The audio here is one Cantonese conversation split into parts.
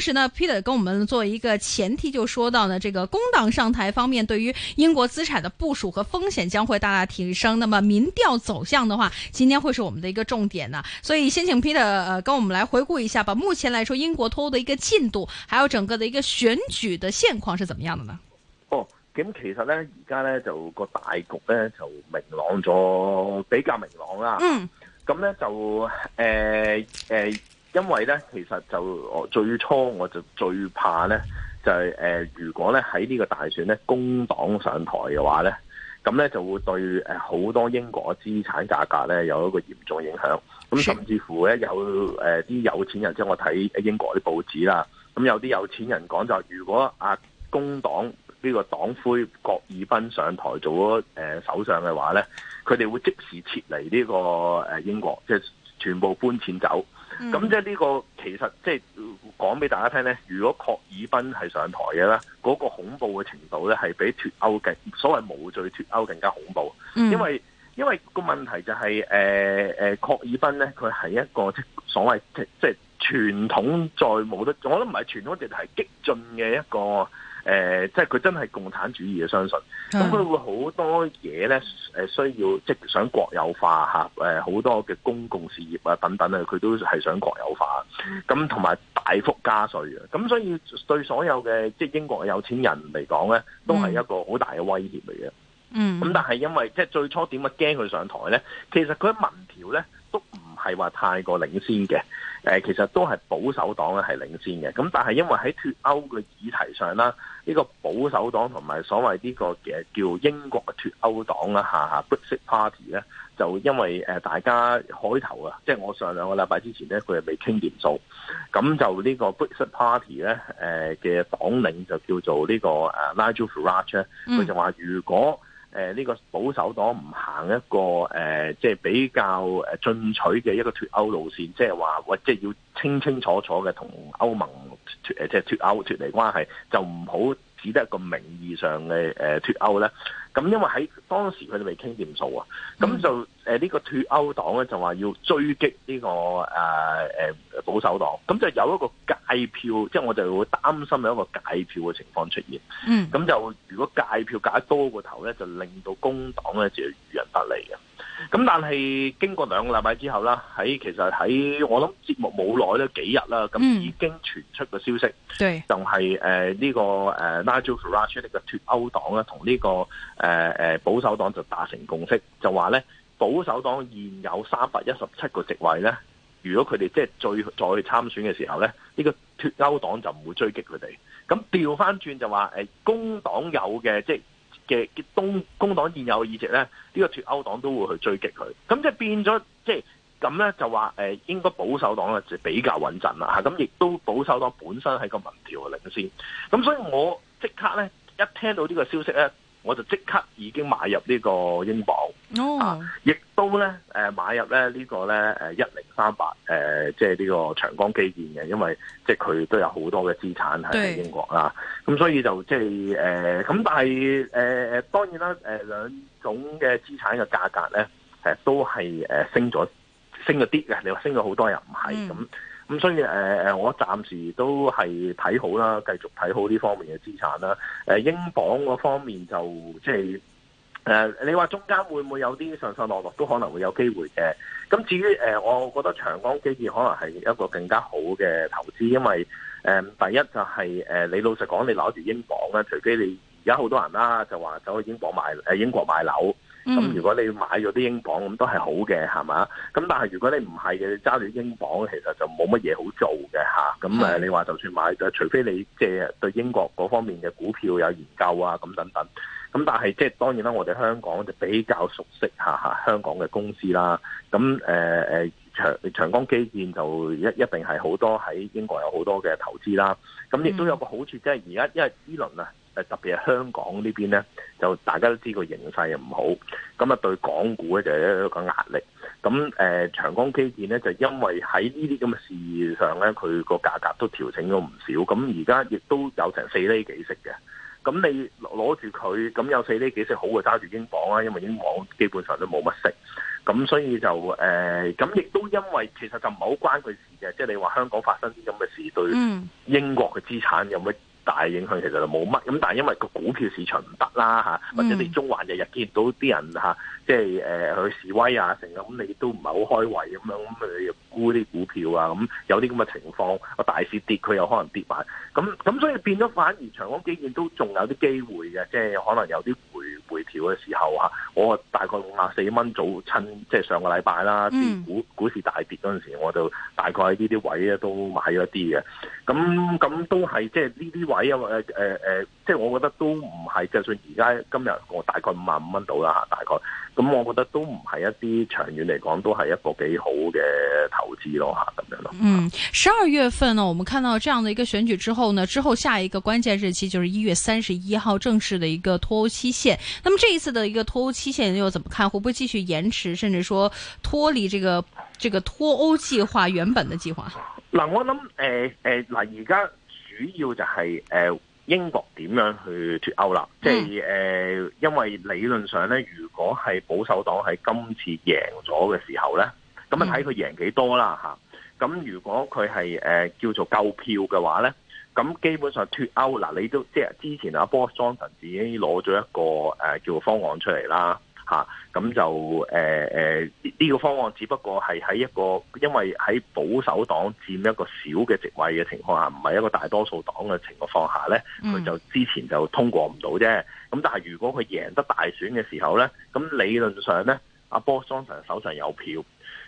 同時呢，Peter 跟我們做一個前提就說到呢，這個工黨上台方面，對於英國資產的部署和風險將會大大提升。那麼民調走向的話，今天會是我們的一個重點呢，啊。所以先請 Peter 呃跟我們來回顧一下吧。目前來說，英國脫歐的一個進度，還有整個的一個選舉的現況是怎麼樣的呢？哦，咁其實呢，而家呢，就，那個大局呢，就明朗咗，比較明朗啦。嗯。咁呢，就誒誒。呃因為咧，其實就我最初我就最怕咧，就係如果咧喺呢個大選咧，工黨上台嘅話咧，咁咧就會對好多英國資產價格咧有一個嚴重影響，咁甚至乎咧有啲有錢人，即係我睇英國啲報紙啦，咁有啲有錢人講就係如果啊工黨，呢個黨魁郝爾彬上台做咗誒首相嘅話咧，佢哋會即時撤離呢個英國，即係全部搬遷走。咁、嗯、即係呢個其實即係、呃、講俾大家聽咧，如果郝爾彬係上台嘅啦，嗰、那個恐怖嘅程度咧係比脱歐嘅所謂無罪脱歐更加恐怖。嗯、因為因為個問題就係誒誒郝爾彬咧，佢係一個即所謂即係傳統再冇得，我都唔係傳統，直頭係激進嘅一個。誒、呃，即係佢真係共產主義嘅相信，咁佢會好多嘢咧，誒需要即係想國有化嚇，誒好多嘅公共事業啊等等啊，佢都係想國有化，咁同埋大幅加稅嘅，咁所以對所有嘅即係英國嘅有錢人嚟講咧，都係一個好大嘅威脅嚟嘅。嗯，咁但係因為即係最初點解驚佢上台咧？其實佢民調咧都唔係話太過領先嘅。誒其實都係保守黨咧係領先嘅，咁但係因為喺脫歐嘅議題上啦，呢、這個保守黨同埋所謂呢個嘅叫英國嘅脫歐黨啦嚇，Brexit Party 咧，嗯、就因為誒大家開頭啊，即、就、係、是、我上兩個禮拜之前咧，佢係未傾掂數，咁就呢、這個 Brexit Party 咧誒嘅黨領就叫做呢個誒 Nigel Farage 咧，佢就話如果。誒呢、呃這個保守黨唔行一個誒，即、呃、係、就是、比較誒進取嘅一個脫歐路線，即係話或者要清清楚楚嘅同歐盟脫即係、呃、脫歐脱離關係，就唔好。只得一個名義上嘅誒脱歐咧，咁因為喺當時佢哋未傾掂數啊，咁就誒呢個脱歐黨咧就話要追擊呢個誒誒保守黨，咁就有一個界票，即係我哋會擔心有一個界票嘅情況出現，嗯，咁就如果界票隔多過頭咧，就令到工黨咧就遇人不利嘅。咁但係經過兩個禮拜之後啦，喺其實喺我諗節目冇耐咧幾日啦，咁、嗯、已經傳出個消息，對就係、是、呢、呃這個誒、呃、Nigel Farage 呢個脱歐黨啦，同呢、這個誒、呃、保守黨就達成共識，就話咧保守黨現有三百一十七個席位咧，如果佢哋即係再再參選嘅時候咧，呢、這個脱歐黨就唔會追擊佢哋。咁調翻轉就話公、呃、工黨有嘅即係。嘅嘅工工黨現有嘅議席咧，呢、這個脱歐黨都會去追擊佢，咁即係變咗即係咁咧，就話、是、誒應該保守黨咧就比較穩陣啦嚇，咁、啊、亦都保守黨本身係個民調嘅領先，咁所以我即刻咧一聽到呢個消息咧。我就即刻已經買入呢個英鎊，oh. 啊，亦都咧誒買入咧呢個咧誒一零三八誒，即係呢個長江基建嘅，因為即係佢都有好多嘅資產喺英國啦。咁對所以就即係誒，咁、呃、但係誒誒當然啦，誒、呃、兩種嘅資產嘅價格咧，誒、呃、都係誒升咗升咗啲嘅。你話升咗好多又唔係咁。咁、嗯、所以誒誒、呃，我暫時都係睇好啦，繼續睇好呢方面嘅資產啦。誒、呃，英鎊嗰方面就即係誒，你話中間會唔會有啲上上落落，都可能會有機會嘅。咁至於誒、呃，我覺得長江基建可能係一個更加好嘅投資，因為誒、呃、第一就係、是、誒、呃，你老實講，你攞住英鎊咧，除非你而家好多人啦，就話走去英鎊買誒英國買樓。咁、嗯、如果你買咗啲英鎊，咁都係好嘅，係嘛？咁但係如果你唔係嘅，揸住英鎊，其實就冇乜嘢好做嘅。咁你話就算買咗是，除非你即係、就是、對英國嗰方面嘅股票有研究啊，咁等等。咁但係即係當然啦，我哋香港就比較熟悉香港嘅公司啦。咁誒誒長長江基建就一一定係好多喺英國有好多嘅投資啦。咁亦都有個好處，即係而家因為呢輪啊。特別係香港這邊呢邊咧，就大家都知個形勢又唔好，咁啊對港股咧就一個壓力。咁誒、呃，長江基建咧就因為喺呢啲咁嘅事上咧，佢個價格都調整咗唔少。咁而家亦都有成四厘幾息嘅。咁你攞住佢，咁有四厘幾息好過揸住英鎊啦，因為英鎊基本上都冇乜息。咁所以就誒，咁、呃、亦都因為其實就唔係好關佢事嘅，即、就、係、是、你話香港發生啲咁嘅事，對英國嘅資產有乜？大影響其實就冇乜，咁但係因為個股票市場唔得啦，嚇，或者你中環日日見到啲人嚇即係誒、呃、去示威啊，成日咁你都唔係好開胃咁樣，咁你又沽啲股票啊，咁有啲咁嘅情況，大市跌佢又可能跌埋，咁咁所以變咗反而長江基建都仲有啲機會嘅，即係可能有啲回回調嘅時候啊。我大概五十四蚊早趁，即係上個禮拜啦，啲股、嗯、股市大跌嗰陣時，我就大概呢啲位咧都買咗啲嘅。咁咁都係即係呢啲位啊、呃呃、即係我覺得都唔係就算而家今日我大概五十五蚊到啦嚇大概。咁我覺得都唔係一啲長遠嚟講，都係一個幾好嘅投資咯吓，咁樣咯。嗯，十二月份呢，我們看到這樣的一個選舉之後呢，之後下一個關鍵日期就是一月三十一號，正式的一個脱歐期限。那麼這一次的一個脱歐期限又怎麼看？會不會繼續延遲，甚至說脱離這個這個脱歐計劃原本的計劃？嗱、呃，我諗誒誒，嗱而家主要就係、是、誒。呃英國點樣去脱歐啦？即係誒、呃，因為理論上咧，如果係保守黨喺今次贏咗嘅時候咧，咁啊睇佢贏幾多啦嚇。咁如果佢係誒叫做夠票嘅話咧，咁基本上脱歐嗱、呃，你都即係之前阿、啊、Boris Johnson 已經攞咗一個誒、呃、叫做方案出嚟啦。嚇，咁、啊、就誒誒，呢、呃這個方案只不過係喺一個，因為喺保守黨佔一個小嘅席位嘅情況下，唔係一個大多數黨嘅情況下咧，佢就之前就通過唔到啫。咁但係如果佢贏得大選嘅時候咧，咁理論上咧，阿 Boris Johnson 手上有票，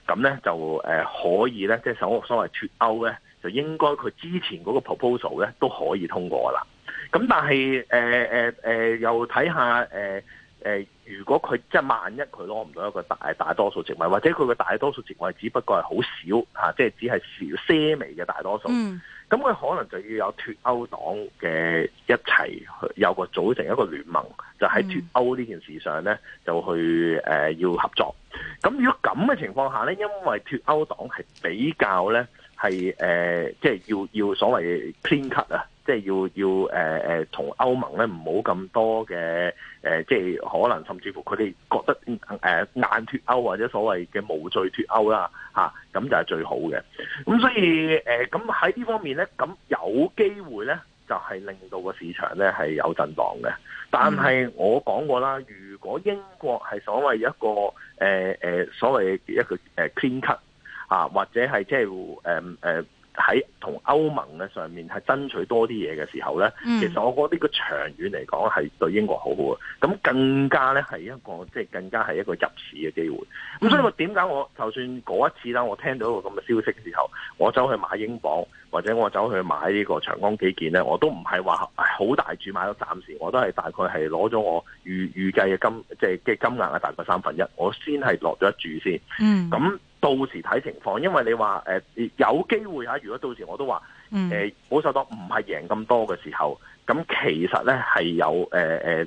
咁咧就誒、呃、可以咧，即係所所謂脱歐咧，就應該佢之前嗰個 proposal 咧都可以通過啦。咁但係誒誒誒，又睇下誒誒。呃呃如果佢即係萬一佢攞唔到一個大大多數席位，或者佢嘅大多數席位只不過係好少嚇、啊，即係只係少些微嘅大多數，咁佢、mm. 可能就要有脱歐黨嘅一齊去有個組成一個聯盟，就喺、是、脱歐呢件事上咧，就去誒、呃、要合作。咁如果咁嘅情況下咧，因為脱歐黨係比較咧係誒，即係、呃就是、要要所謂 clean cut 啦。即係要要誒同、呃、歐盟咧唔好咁多嘅誒，即、呃、係、就係、可能甚至乎佢哋覺得誒硬脱歐或者所謂嘅無罪脱歐啦咁、啊、就係最好嘅。咁所以咁喺呢方面咧，咁有機會咧就係、係、令到個市場咧係有震盪嘅。但係我講過啦，如果英國係所謂一個誒、呃、所謂一個誒 clean cut 啊，或者係即係誒誒。呃呃喺同歐盟嘅上面係爭取多啲嘢嘅時候咧，其實我覺得呢個長遠嚟講係對英國好好嘅，咁更加咧係一個即係、就是、更加係一個入市嘅機會。咁所以話點解我就算嗰一次咧，我聽到一個咁嘅消息嘅時候，我走去買英鎊或者我走去買呢個長江基建咧，我都唔係話好大注買，暫時我都係大概係攞咗我預預計嘅金即係、就是、金額嘅大概三分一，我先係落咗一注先。嗯，咁。到時睇情況，因為你話誒有機會嚇，如果到時我都話。誒、嗯呃，保守黨唔係贏咁多嘅時候，咁其實呢係有誒誒誒，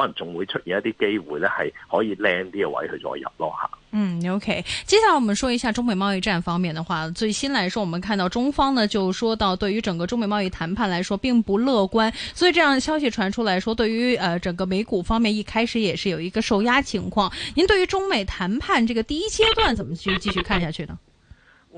可能仲會出現一啲機會呢係可以靚啲嘅位去再入咯吓。嗯，OK，接下來我們說一下中美貿易戰方面的話，最新來說，我們看到中方呢就說到對於整個中美貿易談判來說並不樂觀，所以這樣的消息傳出來說，對於呃整個美股方面一開始也是有一個受壓情況。您對於中美談判這個第一階段，怎麼去繼續看下去呢？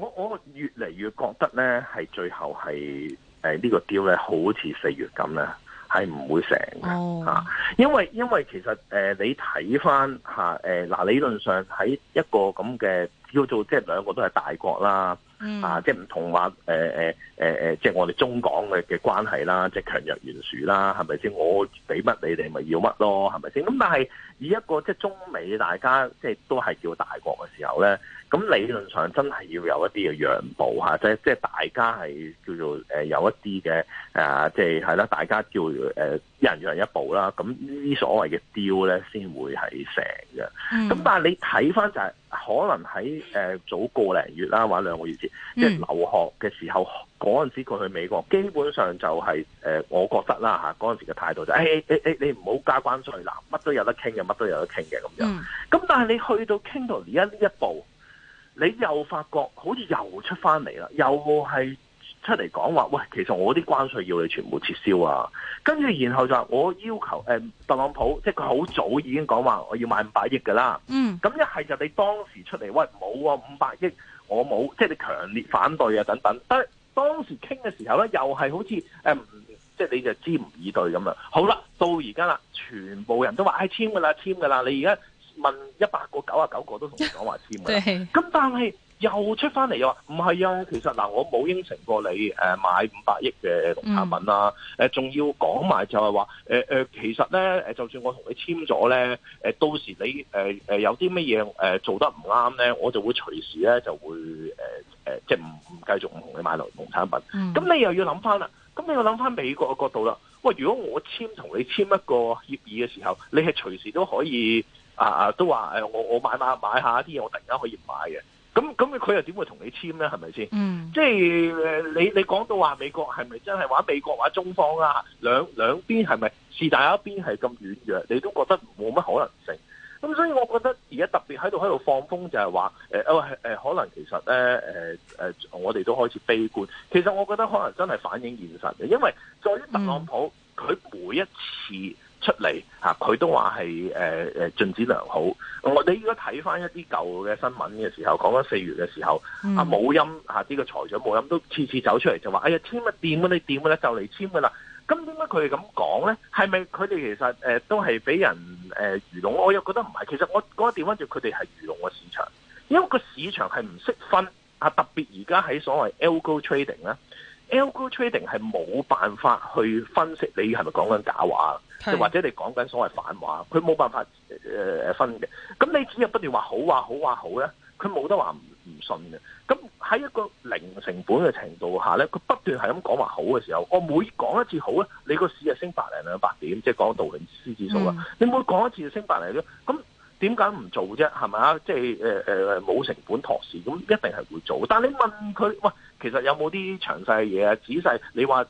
我我越嚟越覺得咧，係最後係誒、呃這個、呢個 deal 咧，好似四月咁啦，係唔會成嘅嚇、哎呀啊，因為因為其實誒、呃、你睇翻嚇誒，嗱，理論上喺一個咁嘅叫做即係兩個都係大國啦。Mm hmm. 啊，即係唔同話，誒誒誒誒，即係我哋中港嘅嘅關係啦，即係強弱懸殊啦，係咪先？我俾乜你哋咪要乜咯，係咪先？咁但係以一個即係中美大家即係都係叫大國嘅時候咧，咁理論上真係要有一啲嘅讓步吓，即係即係大家係叫做誒有一啲嘅啊，即係係啦，大家叫誒一、呃、人讓人一步啦，咁呢啲所謂嘅 deal 咧先會係成嘅。咁、mm hmm. 但係你睇翻就係、是。可能喺誒、呃、早個零月啦，或者兩個月前，即係留學嘅時候，嗰陣、嗯、時佢去美國，基本上就係、是、誒、呃、我覺得啦吓，嗰陣時嘅態度就係、是：欸「誒誒誒，你唔好加關稅啦，乜都有得傾嘅，乜都有得傾嘅咁樣。咁、嗯、但係你去到傾到而家呢一步，你又發覺好似又出翻嚟啦，又冇係。出嚟講話，喂，其實我啲關稅要你全部撤銷啊！跟住然後就話我要求，誒、呃，特朗普，即係佢好早已經講話，我要買五百億㗎啦。嗯，咁一係就你當時出嚟，喂，冇啊、哦，五百億我冇，即係你強烈反對啊等等。但係當時傾嘅時候咧，又係好似唔、呃、即係你就知唔以對咁樣。好啦，到而家啦，全部人都話，唉、哎，簽㗎啦，簽㗎啦。你而家問一百個，九十九個都同你講話簽㗎喇。對，咁但係。又出翻嚟又話唔係啊，其實嗱，我冇應承過你買五百億嘅農產品啦，仲要講埋就係話其實咧就算我同你簽咗咧，到時你有啲乜嘢做得唔啱咧，我就會隨時咧就會即係唔唔繼續唔同你買農農產品。咁、嗯、你又要諗翻啦，咁你要諗翻美國嘅角度啦。喂，如果我簽同你簽一個協議嘅時候，你係隨時都可以啊啊，都話我我買、啊、買買下啲嘢，我突然間可以買嘅。咁咁佢又點會同你簽咧？係咪先？嗯，即係、誒、你你講到話美國係咪真係話美國話中方啊？兩兩邊係咪是但一邊係咁軟弱？你都覺得冇乜可能性。咁所以我覺得而家特別喺度喺度放風就係話、呃呃呃、可能其實呢，呃呃、我哋都開始悲觀。其實我覺得可能真係反映現實嘅，因為在於特朗普佢、嗯、每一次，出嚟嚇，佢都話係誒誒進展良好。我哋依家睇翻一啲舊嘅新聞嘅時候，講緊四月嘅時候，嗯、啊冇音嚇，啲、這個財長冇音都次次走出嚟就話，哎呀，簽乜掂乜你掂嘅咧，就嚟簽噶啦。咁點解佢哋咁講咧？係咪佢哋其實、呃、都係俾人誒愚弄？我又覺得唔係。其實我講得掂翻住佢哋係愚弄個市場，因為個市場係唔識分啊。特別而家喺所謂 algo trading 咧。Algo trading 係冇辦法去分析你係咪講緊假話，是或者你講緊所謂反話，佢冇辦法分嘅。咁你只係不斷話好話好話好咧，佢冇得話唔唔信嘅。咁喺一個零成本嘅程度下咧，佢不斷係咁講話好嘅時候，我每講一次好咧，你個市就升百零兩百點，即係講道瓊指數啦。嗯、你每講一次就升百零咧，咁。點解唔做啫？係咪啊？即係誒誒誒冇成本託市，咁一定係會做。但你問佢，喂，其實有冇啲詳細嘅嘢啊？仔細，你話誒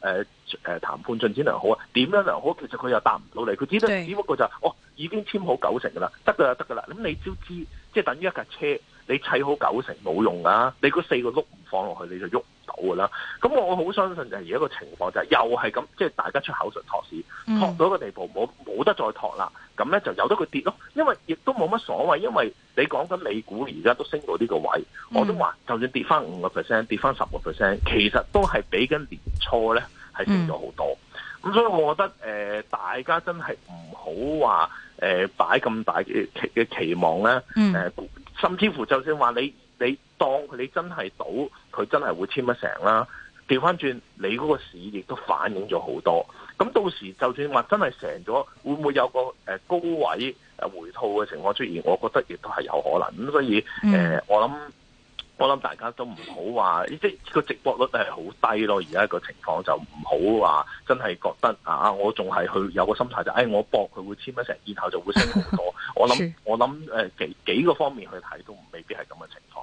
誒誒談判進展良好啊？點樣良好？其實佢又答唔到你，佢只得對只不過就哦已經簽好九成㗎啦，得㗎就得㗎啦。咁你都知，即係等於一架車。你砌好九成冇用啊！你嗰四個碌唔放落去你就喐唔到噶啦。咁我好相信就係而家個情況就係又係咁，即、就、係、是、大家出口術托市、嗯、托到一個地步，冇冇得再托啦。咁咧就由得佢跌咯，因為亦都冇乜所謂。因為你講緊美股而家都升到呢個位，嗯、我都話就算跌翻五個 percent，跌翻十個 percent，其實都係比緊年初咧係升咗好多。咁、嗯、所以我覺得誒、呃，大家真係唔好話誒，擺、呃、咁大嘅期望咧誒。呃嗯甚至乎，就算話你你當佢你真係賭，佢真係會簽得成啦。調翻轉，你嗰個市亦都反映咗好多。咁到時，就算話真係成咗，會唔會有個誒高位誒回吐嘅情況出現？我覺得亦都係有可能。咁所以誒、嗯呃，我諗。我諗大家都唔好話，即係個直播率係好低咯。而家個情況就唔好話，真係覺得啊，我仲係去有個心態就是，誒、哎，我搏佢會簽一成，然後就會升好多。我諗 我諗幾幾個方面去睇都未必係咁嘅情況。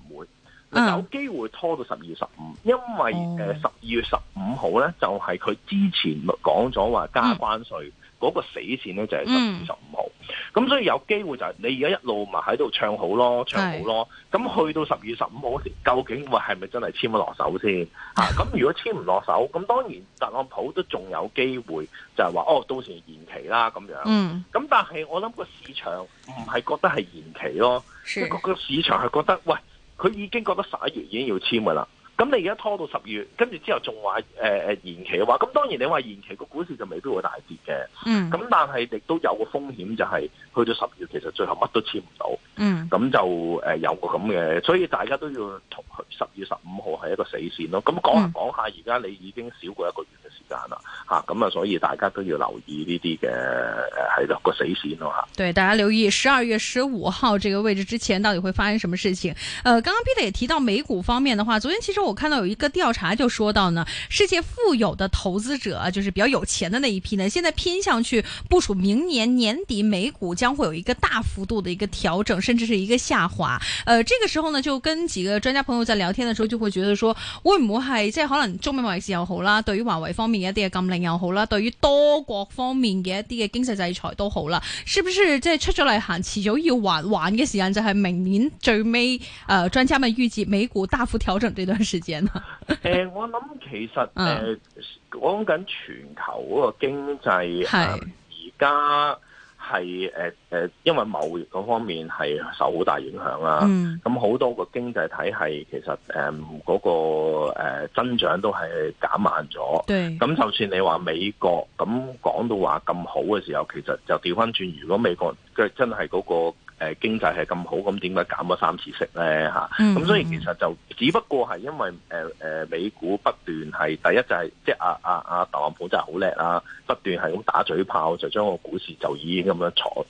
嗯、有機會拖到十二月十五，因為誒十二月十五號咧，就係、是、佢之前講咗話加關稅嗰、嗯、個死線咧，就係十二月十五號。咁、嗯、所以有機會就係你而家一路咪喺度唱好咯，唱好咯。咁是去到十二月十五號時，究竟話係咪真係簽咗落手先？咁、啊、如果簽唔落手，咁當然特朗普都仲有機會就係話哦，到時延期啦咁樣。嗯。咁但係我諗個市場唔係覺得係延期咯，即個是個市場係覺得喂。佢已經覺得十一月已經要簽噶啦，咁你而家拖到十二月，跟住之後仲話誒誒延期嘅話，咁當然你話延期個股市就未必會大跌嘅，咁、嗯、但係亦都有個風險就係去到十月其實最後乜都簽唔到，咁、嗯、就誒有個咁嘅，所以大家都要同。十二月十五號係一個死線咯，咁講下講下，而家你已經少過一個月嘅時間啦，吓咁、嗯、啊，所以大家都要留意呢啲嘅係六個死線咯、啊、嘛。對，大家留意十二月十五號這個位置之前，到底會發生什麼事情？呃剛剛 Peter 也提到美股方面的話，昨天其實我看到有一個調查就說到呢，世界富有的投資者，就是比較有錢的那一批呢，現在偏向去部署明年年底美股將會有一個大幅度的一個調整，甚至是一個下滑。呃這個時候呢，就跟幾個專家朋友聊天啊，早就會覺得，說，會唔會係即係可能中美貿易戰又好啦，對於華為方面一啲嘅禁令又好啦，對於多國方面嘅一啲嘅經濟制裁都好啦，是不是即係出咗嚟行，遲早要還還嘅時間就係明年最尾？誒、呃，專家咪預計美股大幅調整呢段時間誒、呃，我諗其實誒，講緊、 嗯、全球嗰個經濟係而家。是呃係誒誒，因為貿易嗰方面係受好大影響啦。咁好、mm. 多個經濟體系其實誒嗰個增長都係減慢咗。咁對就算你話美國咁講到話咁好嘅時候，其實就調翻轉。如果美國佢真係嗰、嗰個誒經濟係咁好，咁點解減咗三次息咧？嚇、mm，咁、hmm. 所以其實就只不過係因為誒誒、呃呃、美股不斷係第一就係、是、即係阿阿阿特朗普真係好叻啦，不斷係咁打嘴炮就將個股市就已經咁樣坐誒誒、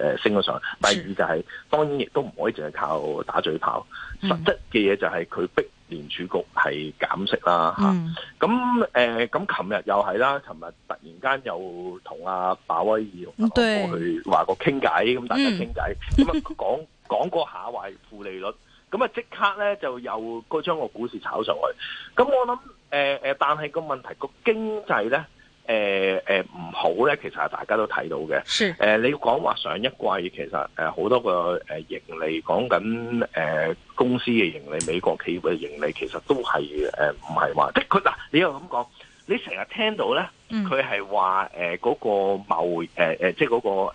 呃、升咗上去；第二就係、是 mm hmm. 當然亦都唔可以淨係靠打嘴炮，實質嘅嘢就係佢逼。聯儲局係減息啦嚇，咁誒咁，琴日、啊呃、又係啦，琴日突然間又同阿、啊、鮑威爾、啊、對我去話個傾偈，咁大家傾偈，咁啊講講過下維負利率，咁啊即刻咧就又該將個股市炒上去，咁我諗誒誒，但係個問題個經濟咧。誒誒唔好咧，其實係大家都睇到嘅。是誒，你講話上一季其實誒，好多個誒盈利，講緊誒公司嘅盈利，美國企業嘅盈利，其實都係誒唔係話，即係佢嗱，你又咁講，你成日聽到咧，佢係話誒嗰個貿誒誒，即係嗰個誒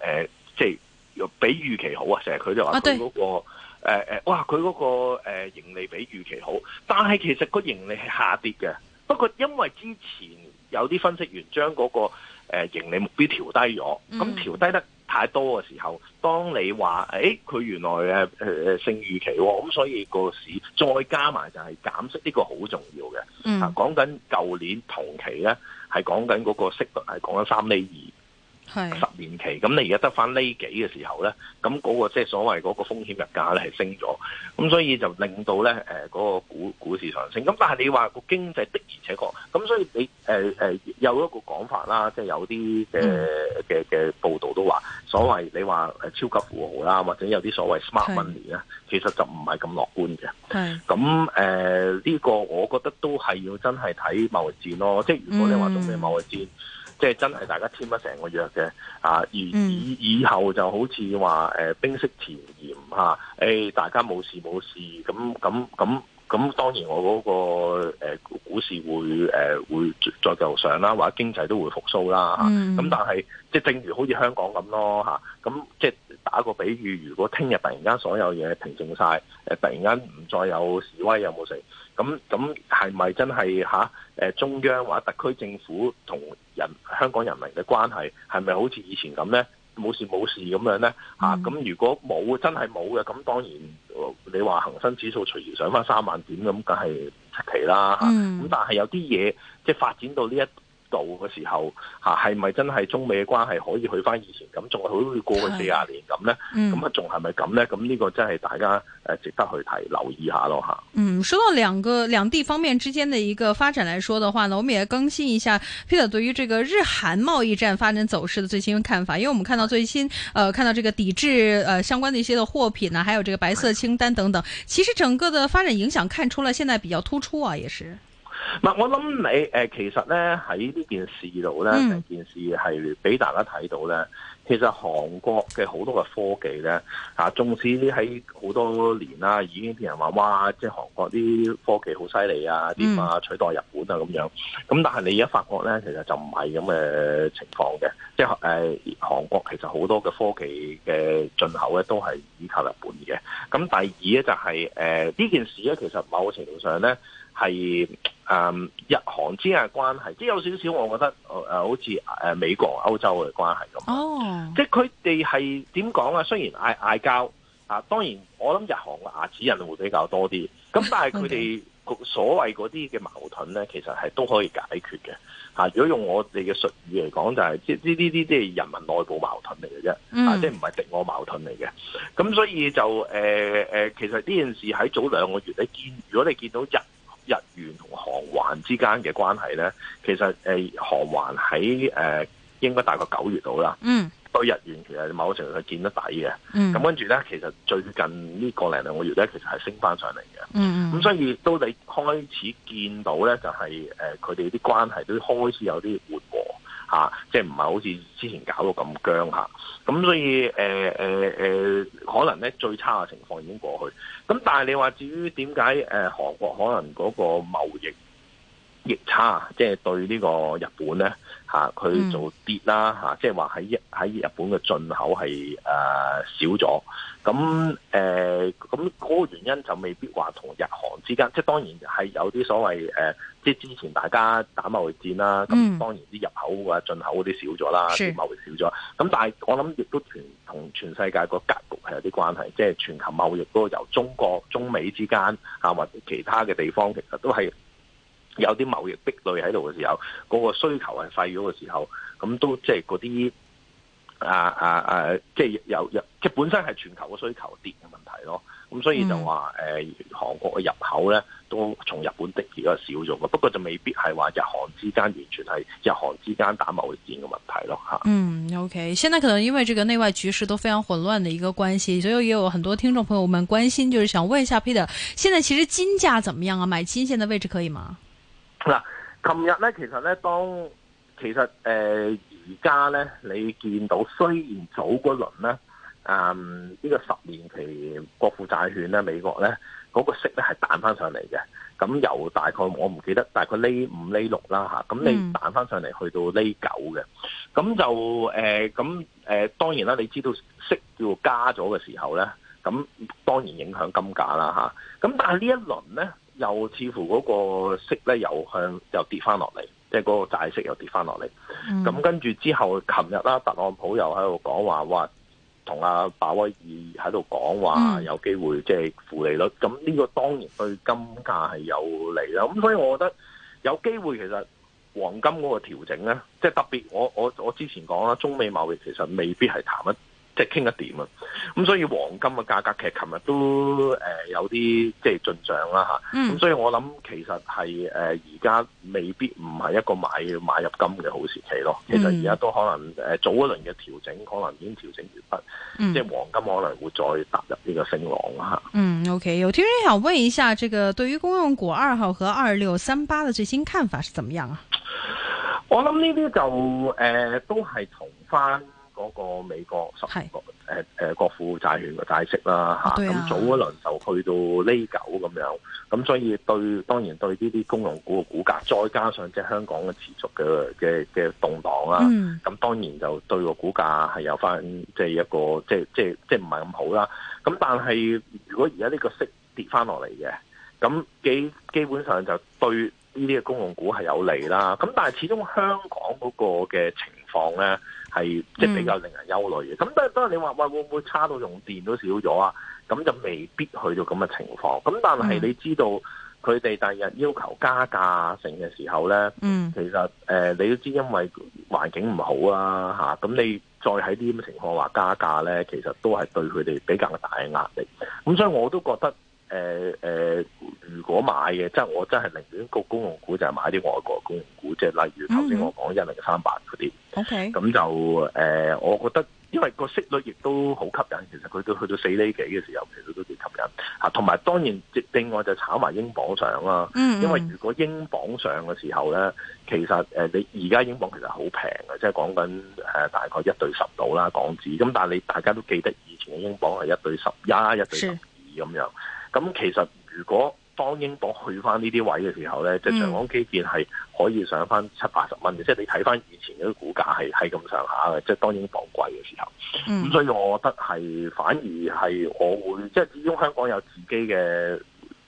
誒，即係比預期好啊！成日佢就話佢嗰個誒誒，哇，佢嗰個誒盈利比預期好，但係其實個盈利係下跌嘅。不過因為之前。有啲分析員將嗰個盈利目標調低咗，咁調低得太多嘅時候，當你話誒佢原來誒誒勝預期喎，咁所以個市再加埋就係減息，呢個好重要嘅。啊，講緊舊年同期咧，係講緊嗰個息率係講緊三厘二。是十年期咁你而家得翻呢幾嘅時候咧，咁嗰、那個即係、就是、所謂嗰個風險日價咧係升咗，咁所以就令到咧嗰個股股市上升。咁但係你話個經濟的而且確，咁所以你誒誒、呃、有一個講法啦，即、就、係、是、有啲嘅嘅嘅報導都話，所謂你話超級富豪啦，或者有啲所謂 smart money 咧是，其實就唔係咁樂觀嘅。咁誒呢個我覺得都係要真係睇貿易戰咯，即係如果你話中美貿易戰。是嗯即係真係大家簽咗成個約嘅啊，而以以後就好似話，呃、冰釋前嫌嚇，誒、大家冇事冇事咁咁咁咁，當然我嗰，嗰個、呃、股市會誒，呃、會再繼續上啦，或者經濟都會復甦啦咁，啊啊、但係即係正如好似香港咁咯嚇，咁即係打個比喻，如果聽日突然間所有嘢平靜晒，誒、啊、突然間唔再有示威有冇成？咁咁係咪真係嚇、啊？中央或者特區政府同人香港人民嘅關係係咪好似以前咁咧？冇事冇事咁樣咧嚇。咁、mm. 啊、如果冇真係冇嘅，咁當然你話恒生指數隨時上翻三萬點咁，梗係出奇啦嚇。咁、啊 mm. 但係有啲嘢即係發展到呢一。到嘅時候嚇，係咪真係中美嘅關係可以去返以前咁，仲係好似過去四十年咁呢？咁啊，仲係咪咁呢？咁、這、呢個真係大家值得去睇留意一下咯吓。嗯，說到兩個兩地方面之間的一個發展來說的話呢，我們也更新一下 Peter 對於這個日韓貿易戰發展走勢的最新看法。因為我們看到最新，呃，看到這個抵制呃，相關的一些的貨品呢，還有這個白色清單等等，的其實整個的發展影響看出了現在比較突出啊，也是。啊、我諗你誒、呃，其實咧，喺呢件事度咧，成、嗯、件事係俾大家睇到咧。其實韓國嘅好多嘅科技咧，啊，縱使喺好多年啦、啊，已經啲人話哇，即係韓國啲科技好犀利啊，點啊取代日本啊咁樣。咁、嗯嗯、但係你而家發覺咧，其實就唔係咁嘅情況嘅。即係誒、韓、呃、國其實好多嘅科技嘅進口咧，都係依靠日本嘅。咁第二咧就係誒呢件事咧，其實某程度上咧。係誒、嗯、日韓之間嘅關係，即係有少少，我覺得誒、呃、好似誒美國、歐洲嘅關係咁。哦、oh.，即係佢哋係點講啊？雖然嗌嗌交啊，當然我諗日韓嘅牙齒印會比較多啲。咁但係佢哋所謂嗰啲嘅矛盾咧， Okay. 其實係都可以解決嘅、啊、如果用我哋嘅術語嚟講，就係即係呢啲啲即係人民內部矛盾嚟嘅啫。即係唔係敵我矛盾嚟嘅。咁所以就誒、呃、其實呢件事喺早兩個月你見，如果你見到日。日元同韓圜之間嘅關係咧，其實誒韓圜喺誒應該大概九月度啦，嗯、對日元其實某程度係見得底嘅，咁、嗯、跟住咧，其實最近呢個零兩個月咧，其實係升返上嚟嘅，咁、嗯、所以都你開始見到咧，就係誒佢哋啲關係都開始有啲。嚇、啊，即係唔係好似之前搞到咁僵嚇，咁、啊、所以誒誒誒，可能咧最差嘅情況已經過去，咁、啊、但係你話至於點解誒韓國可能嗰個貿易逆差，即、就、係、是、對呢個日本咧嚇，佢就跌啦嚇，即係話喺喺日本嘅進口係誒、呃、少咗，咁誒咁嗰個原因就未必話同日韓之間，即係當然係有啲所謂誒、呃，即係之前大家打貿易戰啦，咁、嗯、當然啲入口啊進口嗰啲少咗啦，貿易少咗。咁是但係我諗亦都全同全世界個格局係有啲關係，即、就、係、是、全球貿易都由中國中美之間嚇或者其他嘅地方其實都係。有啲貿易壁壘喺度嘅時候，嗰、那個需求係細咗嘅時候，咁都即係嗰啲啊啊啊，即係有有即係本身係全球嘅需求跌嘅問題咯。咁、嗯、所以就話誒、呃，韓國嘅入口咧都從日本的而家少咗嘅，不過就未必係話日韓之間完全係日韓之間打貿易戰嘅問題咯嚇。嗯，OK，現在可能因為這個內外局勢都非常混亂嘅一個關係，所以也有很多聽眾朋友們關心，就是想問一下 Peter，現在其實金價點樣啊？買金現在位置可以嗎？嗱，琴日咧，其實咧，當其實誒而家咧，你見到雖然早嗰輪咧，嗯，呢、這個十年期國庫債券咧，美國咧，嗰、那個息咧係彈翻上嚟嘅，咁由大概我唔記得，大概呢五呢六啦嚇，咁你彈翻上嚟去到呢九嘅，咁就誒，咁、呃、誒、呃呃，當然啦，你知道息要加咗嘅時候咧，咁當然影響金價啦嚇，咁、啊、但係呢一輪咧。又似乎嗰個息咧又向又跌翻落嚟，即係嗰個債息又跌翻落嚟。咁、嗯、跟住之後，琴日啦，特朗普又喺度講話話，同阿鮑威爾喺度講話有機會即係負利率。咁呢、嗯、個當然對金價係有利啦。咁所以我覺得有機會其實黃金嗰個調整咧，即係特別我我我之前講啦，中美貿易其實未必係談乜。即係傾一點啊，咁、嗯、所以黃金嘅價格其實琴日都誒、呃、有啲即係進賬啦吓，咁、啊嗯、所以我諗其實係誒而家未必唔係一個買買入金嘅好時期咯，其實而家都可能誒、呃、早一輪嘅調整可能已經調整完畢，嗯、即係黃金可能會再踏入呢個升浪啦吓。啊、嗯，OK，有聽眾想問一下，這個對於公用股二號和二六三八嘅最新看法是怎麼樣啊？我諗呢啲就誒、呃、都係同翻。嗰個美國十個誒誒國庫債券嘅債息啦嚇，咁、oh, 啊、早一輪就去到呢九咁樣，咁所以對當然對呢啲公用股嘅股價，再加上即係香港嘅持續嘅嘅嘅動盪啦，咁、mm. 當然就對個股價係有翻即係一個即即即唔係咁好啦。咁但係如果而家呢個息跌翻落嚟嘅，咁基基本上就對呢啲嘅公用股係有利啦。咁但係始終香港嗰個嘅情況咧。係即係比較令人憂慮嘅，咁都當然你話喂會唔會差到用電都少咗啊？咁就未必去到咁嘅情況。咁但係你知道佢哋第二日要求加價成嘅時候咧，其實誒、呃、你都知因為環境唔好啊嚇，咁、啊、你再喺啲咁嘅情況話加價咧，其實都係對佢哋比較大嘅壓力。咁所以我都覺得。誒誒、呃呃，如果買嘅，即、就、係、是、我真係寧願個公用股就係買啲外國公用股，即係例如頭先我講一零三八嗰啲。O Okay . K。咁就誒，我覺得因為個息率亦都好吸引，其實佢都去到四厘幾嘅時候，其實都幾吸引嚇，同埋、啊、當然另外就炒埋英鎊上啦，因為如果英鎊上嘅時候咧，其實、呃、你而家英鎊其實好平嘅，即係講緊大概一對十度啦港紙。咁但係你大家都記得以前嘅英鎊係一對十一是，一對十二咁樣。咁其實，如果當英鎊去翻呢啲位嘅時候咧，即係長江基建係可以上翻七八十蚊嘅，即係你睇翻以前嗰啲股價係係咁上下嘅，即係當英鎊貴嘅時候。咁，嗯，所以，我覺得係反而係我會，即係始終香港有自己嘅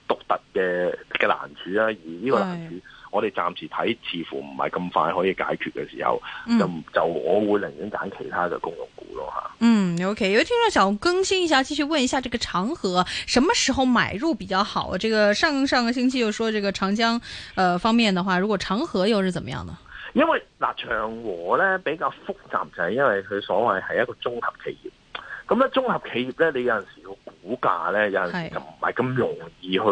獨特嘅嘅難處啦，而呢個難處，我哋暫時睇似乎唔係咁快可以解決嘅時候，嗯、就就我會寧願揀其他嘅公用股咯吓。嗯，OK。有聽眾想更新一下，繼續問一下這個長和什麼時候買入比較好？這個上上個星期又說這個長江，呃方面的話，如果長和又是怎麼樣呢？因為嗱、呃，長和咧比較複雜，就係因為佢所謂係一個綜合企業。咁咧，綜合企業咧，你有陣時要。估價咧有時就唔係咁容易去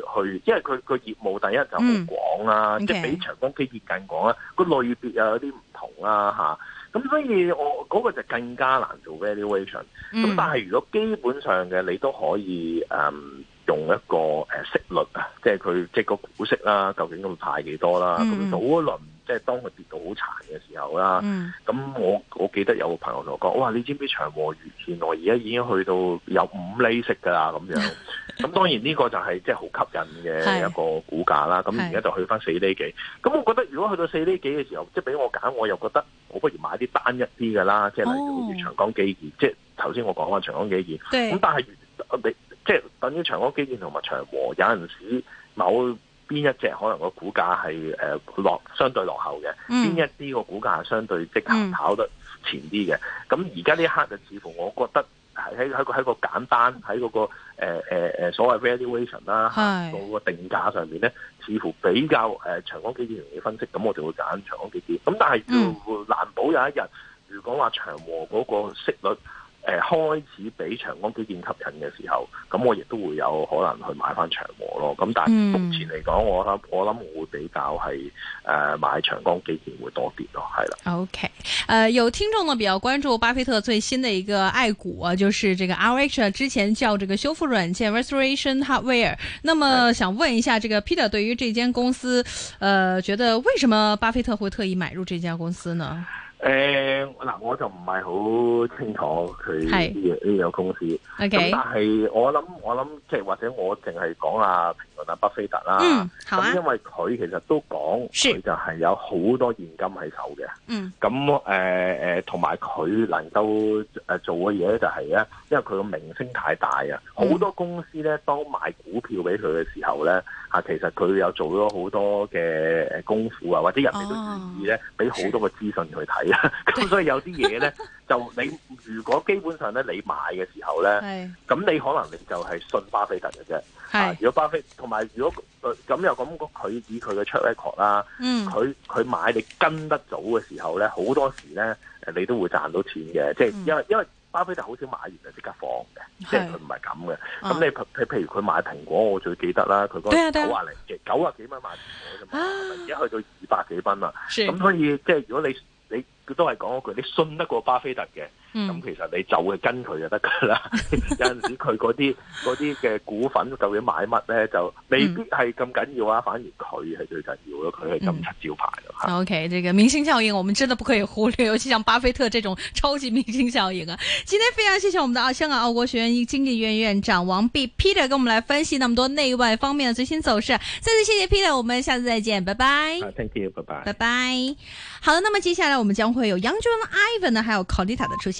是去，因為佢個業務第一就好廣啦、啊，嗯 okay. 即係比長江基建更廣啦、啊，個類別又有啲唔同啦、啊、嚇，咁、啊、所以我嗰、那個就更加難做 valuation。咁、嗯、但係如果基本上嘅你都可以嗯。用一個誒息率啊，即係佢即係個股息啦，究竟會派幾多啦？咁早、嗯、一輪即係當佢跌到好殘嘅時候啦，咁、嗯、我我記得有個朋友同我講：哇！你知唔知長和原來我而家已經去到有五厘息噶啦咁樣？咁 當然呢個就係、是、即係好吸引嘅一個股價啦。咁而家就去翻四厘幾。咁是我覺得如果去到四厘幾嘅時候，即係俾我揀，我又覺得我不如買啲單一啲嘅啦，即係例如長江基建，哦、即係頭先我講翻長江基建，咁對但係你。即係，等於長江基建同埋長和，有陣時某邊一隻可能個股價係落、呃，相對落後嘅；邊、嗯、一啲個股價相對即行跑得前啲嘅。咁而家呢一刻就似乎，我覺得喺喺喺個簡單喺嗰、那個、呃呃、所謂 valuation 啦、啊，到是個定價上面咧，似乎比較誒長江基建容易分析，咁我就會揀長江基建。咁、嗯、但係就難保有一日，如果話長和嗰個息率。誒、呃，開始畀長江基建吸引嘅時候，咁我亦都會有可能去買翻長和咯。咁但係目前嚟講，我諗我諗會比較係誒、呃、買長江基建會多啲咯，係啦。OK，、呃、有聽眾呢比較關注巴菲特最新嘅一個愛股、啊，就是這個 R H 之前叫這個修復軟件 Restoration Hardware。那麼想問一下，這個 Peter 對於這間公司，呃覺得為什麼巴菲特會特意買入這家公司呢？誒，嗱、呃，我就唔係好清楚佢呢樣呢樣公司。咁、Okay. 但係我諗，我諗即係或者我淨係講啊，評論啊，巴菲特啦。嗯，咁、啊、因為佢其實都講，佢就係有好多現金係手嘅。嗯。咁誒同埋佢能夠做嘅嘢咧，就係、是、咧，因為佢個名聲太大啊，好多公司咧當買股票俾佢嘅時候咧。啊、其實佢有做咗好多嘅功夫啊，或者人哋都願意咧，俾好、哦、多嘅資訊去睇啊。咁 所以有啲嘢咧， 就你如果基本上咧，你買嘅時候咧，咁是你可能你就係信巴菲特嘅啫是、啊。如果巴菲特，同埋如果咁又咁佢以佢嘅 track record 啦、啊，佢佢、嗯、買你跟得早嘅時候咧，好多時咧，誒、你都會賺到錢嘅，即、就係、因為因為巴菲特好少買完就是即刻放嘅，即係佢唔係咁嘅。咁你譬譬如佢買蘋果，我最記得啦，佢嗰九啊零嘅，九啊幾蚊買蘋果咋嘛，而家去到二百幾蚊啦。咁了所以即係如果你你佢都係講嗰句，你信得過巴菲特嘅。咁、嗯、其實你就係跟佢就得㗎喇，有陣時佢嗰啲嗰啲嘅股份究竟買乜呢？就未必係咁緊要啊。嗯、反而佢係最緊要咯，佢係咁出招牌咯。嗯、o、okay, K，這個明星效應，我們真的不可以忽略，尤其像巴菲特這種超級明星效應啊！今天非常謝謝我們的澳香港奧國學院經濟院院長王弼 Peter 跟我們來分析那麼多內外方面的最新走勢。再次謝謝 Peter，我們下次再見，拜拜、啊。Thank you，拜拜。拜拜。好，那麼接下來我們將會有 Yangjun、Ivan 呢，還有 Kadita 的出席。